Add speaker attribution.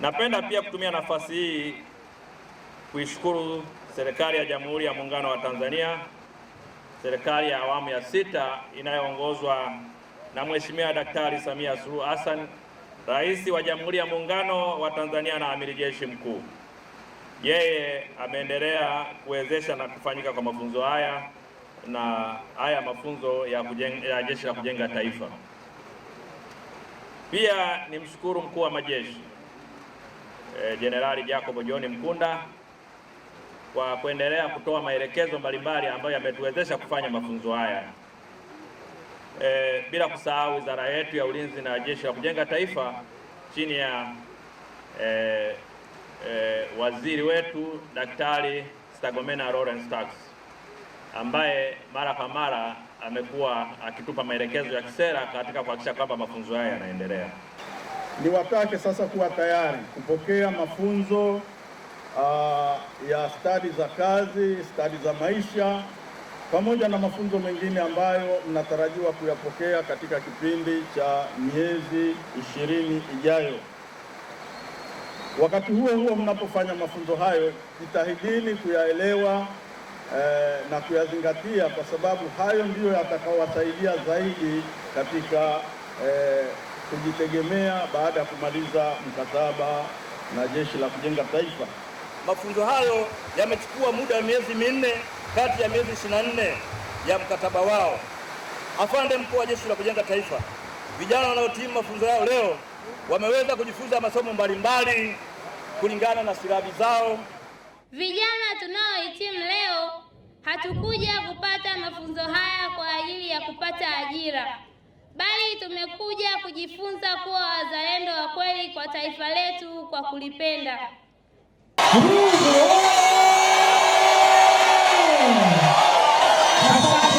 Speaker 1: Napenda pia kutumia nafasi hii kuishukuru serikali ya Jamhuri ya Muungano wa Tanzania, serikali ya awamu ya sita inayoongozwa na Mheshimiwa Daktari Samia Suluhu Hassan, Rais wa Jamhuri ya Muungano wa Tanzania na Amiri Jeshi Mkuu. Yeye ameendelea kuwezesha na kufanyika kwa mafunzo haya na haya mafunzo ya, kujenga, ya Jeshi la Kujenga Taifa. Pia nimshukuru mkuu wa majeshi Eh, Jenerali Jacob John Mkunda kwa kuendelea kutoa maelekezo mbalimbali ambayo yametuwezesha kufanya mafunzo haya. E, bila kusahau wizara yetu ya ulinzi na jeshi la kujenga taifa chini ya e, e, waziri wetu Daktari stagomena Lawrence Tax ambaye mara kwa mara amekuwa akitupa maelekezo ya kisera katika kuhakikisha kwamba mafunzo haya yanaendelea
Speaker 2: ni Niwatake sasa kuwa tayari kupokea mafunzo uh, ya stadi za kazi, stadi za maisha pamoja na mafunzo mengine ambayo mnatarajiwa kuyapokea katika kipindi cha miezi ishirini ijayo. Wakati huo huo, mnapofanya mafunzo hayo, jitahidini kuyaelewa eh, na kuyazingatia, kwa sababu hayo ndiyo yatakaowasaidia zaidi katika eh, kujitegemea baada ya kumaliza mkataba na Jeshi la Kujenga Taifa.
Speaker 1: Mafunzo hayo yamechukua muda wa miezi minne kati ya miezi 24 ya mkataba wao. Afande mkuu wa Jeshi la Kujenga Taifa, vijana wanaotimu mafunzo yao leo wameweza kujifunza masomo mbalimbali kulingana na silabi zao.
Speaker 3: Vijana tunaohitimu leo hatukuja kupata mafunzo haya kwa ajili ya kupata ajira bali tumekuja kujifunza kuwa wazalendo wa kweli kwa taifa letu kwa kulipenda